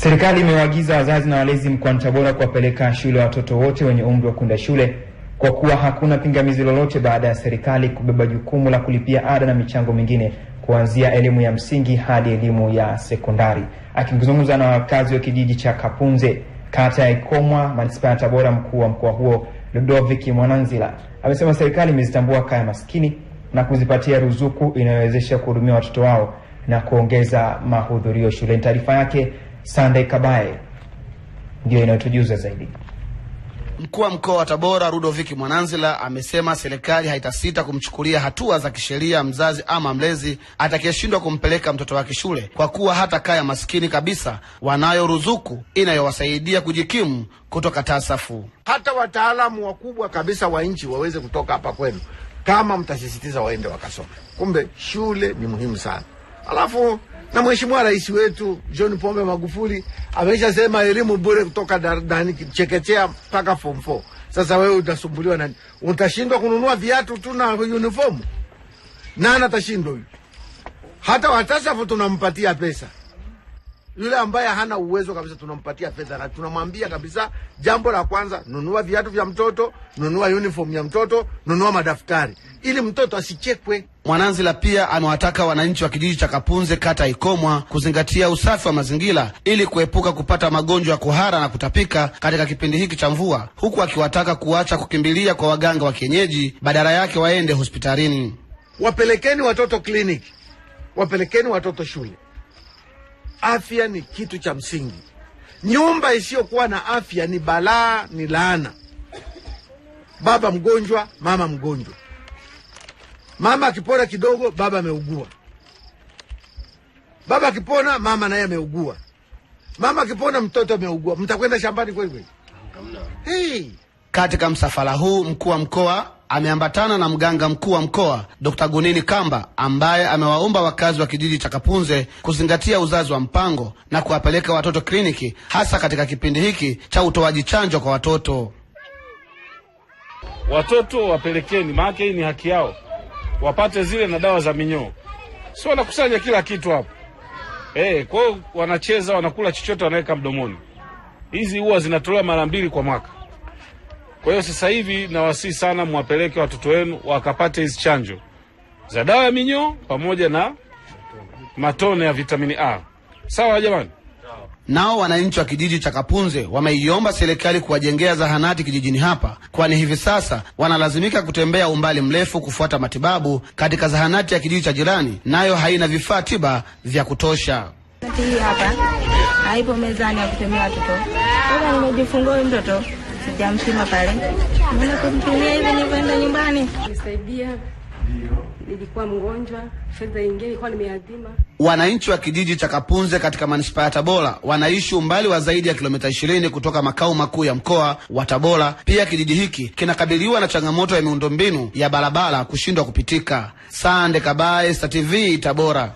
Serikali imewaagiza wazazi na walezi mkoani Tabora kuwapeleka shule watoto wote wenye umri wa kwenda shule kwa kuwa hakuna pingamizi lolote baada ya serikali kubeba jukumu la kulipia ada na michango mingine kuanzia elimu ya msingi hadi elimu ya sekondari. Akizungumza na wakazi wa kijiji cha Kapunze, kata ya Ikomwa, manispaa ya Tabora, mkuu wa mkoa huo Ludovic Mwananzila amesema serikali imezitambua kaya maskini na kuzipatia ruzuku inayowezesha kuhudumia watoto wao na kuongeza mahudhurio shuleni. Taarifa yake Sande Kabaye ndio inayotujuza zaidi. Mkuu wa mkoa wa Tabora Rudoviki Mwananzila amesema serikali haitasita kumchukulia hatua za kisheria mzazi ama mlezi atakayeshindwa kumpeleka mtoto wake shule, kwa kuwa hata kaya maskini kabisa wanayo ruzuku inayowasaidia kujikimu kutoka tasafu. Hata wataalamu wakubwa kabisa wa nchi waweze kutoka hapa kwenu, kama mtasisitiza waende wakasoma. Kumbe shule ni muhimu sana, alafu na Mheshimiwa Rais wetu John Pombe Magufuli ameshasema elimu bure kutoka ndani chekechea mpaka form 4. Sasa wewe utasumbuliwa nani? Utashindwa kununua viatu tu na uniform? Nani atashindwa huyu? Hata watasafu tunampatia pesa. Yule ambaye hana uwezo kabisa, tunampatia fedha na tunamwambia kabisa, jambo la kwanza, nunua viatu vya mtoto, nunua uniform ya mtoto, nunua madaftari ili mtoto asichekwe. Mwananzila pia amewataka wananchi wa kijiji cha Kapunze kata Ikomwa kuzingatia usafi wa mazingira ili kuepuka kupata magonjwa ya kuhara na kutapika katika kipindi hiki cha mvua, huku akiwataka kuacha kukimbilia kwa waganga wa kienyeji, badala yake waende hospitalini. Wapelekeni watoto kliniki, wapelekeni watoto shule afya ni kitu cha msingi. Nyumba isiyokuwa na afya ni balaa, ni laana. Baba mgonjwa, mama mgonjwa, mama akipona kidogo, baba ameugua, baba akipona, mama naye ameugua, mama akipona, mtoto ameugua. Mtakwenda shambani kweli kweli? Hey. Katika msafara huu mkuu wa mkoa ameambatana na mganga mkuu wa mkoa Dr. Gunini Kamba ambaye amewaomba wakazi wa kijiji cha Kapunze kuzingatia uzazi wa mpango na kuwapeleka watoto kliniki hasa katika kipindi hiki cha utoaji chanjo kwa watoto. Watoto wapelekeni, maana hii ni haki yao, wapate zile na dawa za minyoo. Si wanakusanya kila kitu hapo eh, kwao wanacheza, wanakula chochote, wanaweka mdomoni. Hizi huwa zinatolewa mara mbili kwa mwaka. Kwa hiyo sasa hivi nawasihi sana mwapeleke watoto wenu wakapate hizi chanjo za dawa ya minyoo pamoja na matone ya vitamini A. Sawa jamani. Nao wananchi wa kijiji cha Kapunze wameiomba serikali kuwajengea zahanati kijijini hapa, kwani hivi sasa wanalazimika kutembea umbali mrefu kufuata matibabu katika zahanati ya kijiji cha jirani, nayo haina vifaa tiba vya kutosha. Hii hapa haipo mezani ya kupimia watoto, nimejifungua mtoto Sijamshinda pale, mbona kumtumia hivi nivyoenda nyumbani nisaidia nilikuwa mgonjwa, fedha nyingine ilikuwa nimeadhima. Wananchi wa kijiji cha Kapunze katika manispaa ya Tabora wanaishi umbali wa zaidi ya kilomita 20 kutoka makao makuu ya mkoa wa Tabora. Pia kijiji hiki kinakabiliwa na changamoto ya miundombinu ya barabara kushindwa kupitika. Sande Kabaye, Star TV, Tabora.